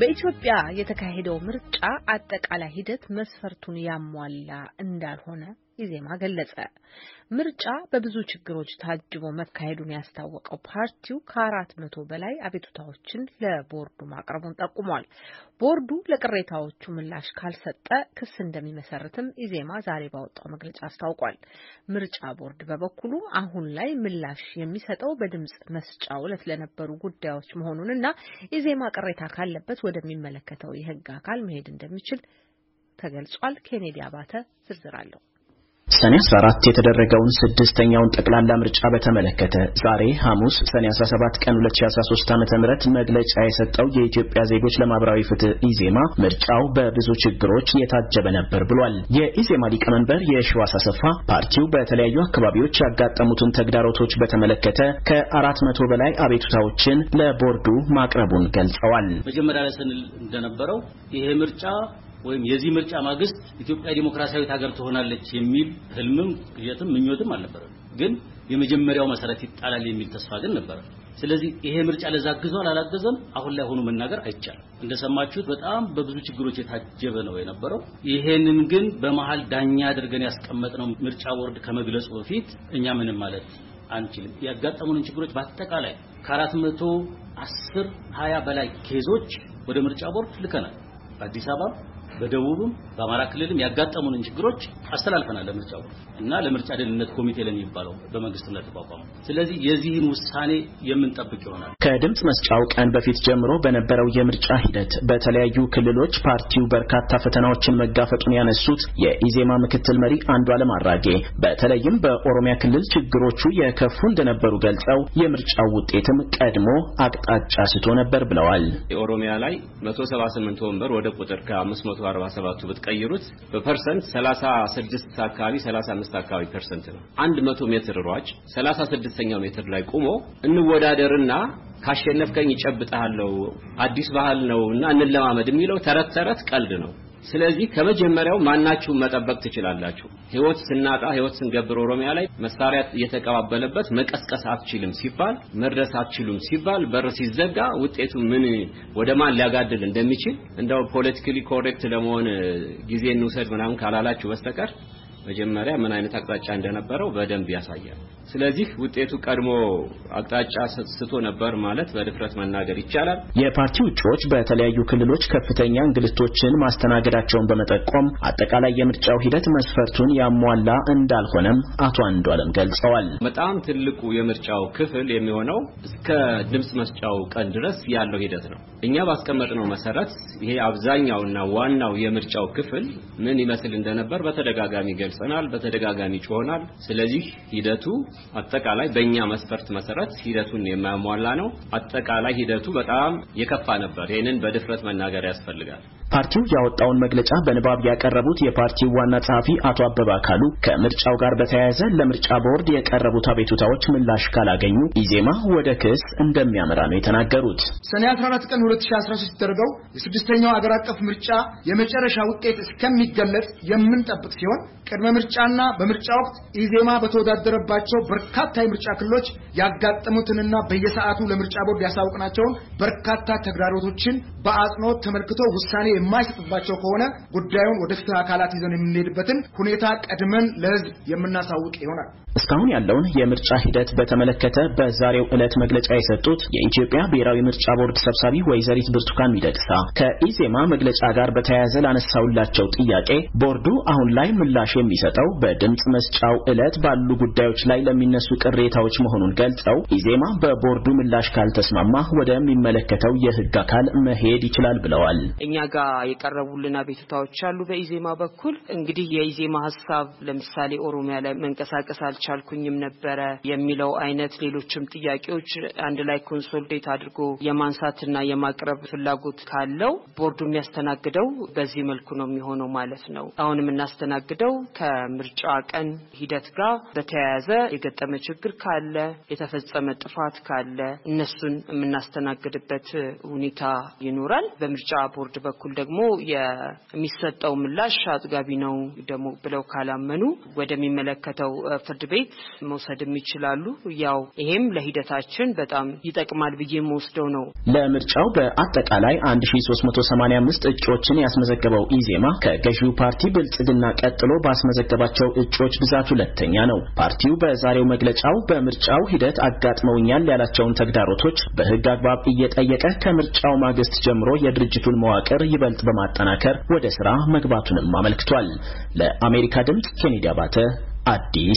በኢትዮጵያ የተካሄደው ምርጫ አጠቃላይ ሂደት መስፈርቱን ያሟላ እንዳልሆነ ኢዜማ ገለጸ። ምርጫ በብዙ ችግሮች ታጅቦ መካሄዱን ያስታወቀው ፓርቲው ከአራት መቶ በላይ አቤቱታዎችን ለቦርዱ ማቅረቡን ጠቁሟል። ቦርዱ ለቅሬታዎቹ ምላሽ ካልሰጠ ክስ እንደሚመሰርትም ኢዜማ ዛሬ ባወጣው መግለጫ አስታውቋል። ምርጫ ቦርድ በበኩሉ አሁን ላይ ምላሽ የሚሰጠው በድምጽ መስጫው ዕለት ለነበሩ ጉዳዮች መሆኑን እና ኢዜማ ቅሬታ ካለበት ወደሚመለከተው የሕግ አካል መሄድ እንደሚችል ተገልጿል። ኬኔዲ አባተ ዝርዝር አለው። ሰኔ 14 የተደረገውን ስድስተኛውን ጠቅላላ ምርጫ በተመለከተ ዛሬ ሐሙስ ሰኔ 17 ቀን 2013 ዓ.ም ምህረት መግለጫ የሰጠው የኢትዮጵያ ዜጎች ለማህበራዊ ፍትህ ኢዜማ ምርጫው በብዙ ችግሮች የታጀበ ነበር ብሏል። የኢዜማ ሊቀመንበር የሺዋስ አሰፋ ፓርቲው በተለያዩ አካባቢዎች ያጋጠሙትን ተግዳሮቶች በተመለከተ ከአራት 400 በላይ አቤቱታዎችን ለቦርዱ ማቅረቡን ገልጸዋል። መጀመሪያ ላይ ስንል እንደነበረው ይሄ ምርጫ ወይም የዚህ ምርጫ ማግስት ኢትዮጵያ ዲሞክራሲያዊት ሀገር ትሆናለች የሚል ህልምም ቅዠትም ምኞትም አልነበረም። ግን የመጀመሪያው መሰረት ይጣላል የሚል ተስፋ ግን ነበረ። ስለዚህ ይሄ ምርጫ ለዛ አግዟል አላገዘም አሁን ላይ ሆኖ መናገር አይቻልም። እንደሰማችሁት በጣም በብዙ ችግሮች የታጀበ ነው የነበረው። ይሄንን ግን በመሀል ዳኛ አድርገን ያስቀመጥነው ምርጫ ቦርድ ከመግለጹ በፊት እኛ ምንም ማለት አንችልም። ያጋጠሙንን ችግሮች በአጠቃላይ ከአራት መቶ አስር ሃያ በላይ ኬዞች ወደ ምርጫ ቦርድ ልከናል በአዲስ አበባ በደቡብም በአማራ ክልልም ያጋጠሙንን ችግሮች አስተላልፈናል ለምርጫው እና ለምርጫ ደህንነት ኮሚቴ ለሚባለው በመንግስትና ተቋቋሙ። ስለዚህ የዚህን ውሳኔ የምንጠብቅ ይሆናል። ከድምፅ መስጫው ቀን በፊት ጀምሮ በነበረው የምርጫ ሂደት በተለያዩ ክልሎች ፓርቲው በርካታ ፈተናዎችን መጋፈጡን ያነሱት የኢዜማ ምክትል መሪ አንዱዓለም አራጌ በተለይም በኦሮሚያ ክልል ችግሮቹ የከፉ እንደነበሩ ገልጸው የምርጫው ውጤትም ቀድሞ አቅጣጫ ስቶ ነበር ብለዋል። ኦሮሚያ ላይ 178 ወንበር ወደ ቁጥር ከ500 347 ብትቀይሩት በፐርሰንት 36 አካባቢ 35 አካባቢ ፐርሰንት ነው። 100 ሜትር ሯጭ 36ኛው ሜትር ላይ ቆሞ እንወዳደርና ካሸነፍከኝ እጨብጥሃለሁ አዲስ ባህል ነው እና እንለማመድ የሚለው ተረት ተረት ቀልድ ነው። ስለዚህ ከመጀመሪያው ማናቸው መጠበቅ ትችላላችሁ። ህይወት ስናጣ ህይወት ስንገብር ኦሮሚያ ላይ መሳሪያ የተቀባበለበት መቀስቀስ አትችልም ሲባል መድረስ አትችሉም ሲባል በር ሲዘጋ ውጤቱ ምን ወደ ማን ሊያጋድል እንደሚችል እንደው ፖለቲካሊ ኮሬክት ለመሆን ጊዜ እንውሰድ ምናምን ካላላችሁ በስተቀር መጀመሪያ ምን አይነት አቅጣጫ እንደነበረው በደንብ ያሳያል። ስለዚህ ውጤቱ ቀድሞ አቅጣጫ ስቶ ነበር ማለት በድፍረት መናገር ይቻላል። የፓርቲው እጩዎች በተለያዩ ክልሎች ከፍተኛ እንግልቶችን ማስተናገዳቸውን በመጠቆም አጠቃላይ የምርጫው ሂደት መስፈርቱን ያሟላ እንዳልሆነም አቶ አንዷለም ገልጸዋል። በጣም ትልቁ የምርጫው ክፍል የሚሆነው እስከ ድምፅ መስጫው ቀን ድረስ ያለው ሂደት ነው። እኛ ባስቀመጥነው መሰረት ይሄ አብዛኛውና ዋናው የምርጫው ክፍል ምን ይመስል እንደነበር በተደጋጋሚ ገ ይገልጸናል፣ በተደጋጋሚ ጮሆናል። ስለዚህ ሂደቱ አጠቃላይ በእኛ መስፈርት መሰረት ሂደቱን የማያሟላ ነው። አጠቃላይ ሂደቱ በጣም የከፋ ነበር። ይህንን በድፍረት መናገር ያስፈልጋል። ፓርቲው ያወጣውን መግለጫ በንባብ ያቀረቡት የፓርቲው ዋና ጸሐፊ አቶ አበባ አካሉ ከምርጫው ጋር በተያያዘ ለምርጫ ቦርድ የቀረቡት አቤቱታዎች ምላሽ ካላገኙ ኢዜማ ወደ ክስ እንደሚያመራ ነው የተናገሩት። ሰኔ 14 ቀን 2013 የተደረገው የስድስተኛው አገር አቀፍ ምርጫ የመጨረሻ ውጤት እስከሚገለጽ የምንጠብቅ ሲሆን ቅድመ ምርጫና በምርጫ ወቅት ኢዜማ በተወዳደረባቸው በርካታ የምርጫ ክልሎች ያጋጠሙትንና በየሰዓቱ ለምርጫ ቦርድ ያሳውቅናቸውን በርካታ ተግዳሮቶችን በአጽንኦት ተመልክቶ ውሳኔ የማይሰጥባቸው ከሆነ ጉዳዩን ወደ ፍትህ አካላት ይዘን የምንሄድበትን ሁኔታ ቀድመን ለህዝብ የምናሳውቅ ይሆናል። እስካሁን ያለውን የምርጫ ሂደት በተመለከተ በዛሬው ዕለት መግለጫ የሰጡት የኢትዮጵያ ብሔራዊ ምርጫ ቦርድ ሰብሳቢ ወይዘሪት ብርቱካን ሚደቅሳ ከኢዜማ መግለጫ ጋር በተያያዘ ላነሳውላቸው ጥያቄ ቦርዱ አሁን ላይ ምላሽ የሚሰጠው በድምፅ መስጫው ዕለት ባሉ ጉዳዮች ላይ ለሚነሱ ቅሬታዎች መሆኑን ገልጸው ኢዜማ በቦርዱ ምላሽ ካልተስማማ ወደሚመለከተው የሕግ አካል መሄድ ይችላል ብለዋል። እኛ ጋር የቀረቡልን አቤቱታዎች አሉ። በኢዜማ በኩል እንግዲህ የኢዜማ ሀሳብ ለምሳሌ ኦሮሚያ ላይ መንቀሳቀስ አልቻሉ አልቻልኩኝም ነበረ የሚለው አይነት ሌሎችም ጥያቄዎች አንድ ላይ ኮንሶልዴት አድርጎ የማንሳትና የማቅረብ ፍላጎት ካለው ቦርዱ የሚያስተናግደው በዚህ መልኩ ነው የሚሆነው ማለት ነው። አሁን የምናስተናግደው ከምርጫ ቀን ሂደት ጋር በተያያዘ የገጠመ ችግር ካለ የተፈጸመ ጥፋት ካለ እነሱን የምናስተናግድበት ሁኔታ ይኖራል። በምርጫ ቦርድ በኩል ደግሞ የሚሰጠው ምላሽ አጥጋቢ ነው ደግሞ ብለው ካላመኑ ወደሚመለከተው ፍርድ ቤት ቤት መውሰድም ይችላሉ። ያው ይሄም ለሂደታችን በጣም ይጠቅማል ብዬ የምወስደው ነው። ለምርጫው በአጠቃላይ 1385 እጩዎችን ያስመዘገበው ኢዜማ ከገዢው ፓርቲ ብልጽግና ቀጥሎ ባስመዘገባቸው እጩዎች ብዛት ሁለተኛ ነው። ፓርቲው በዛሬው መግለጫው በምርጫው ሂደት አጋጥመውኛል ያላቸውን ተግዳሮቶች በህግ አግባብ እየጠየቀ ከምርጫው ማግስት ጀምሮ የድርጅቱን መዋቅር ይበልጥ በማጠናከር ወደ ስራ መግባቱንም አመልክቷል። ለአሜሪካ ድምፅ ኬኔዲ አባተ አዲስ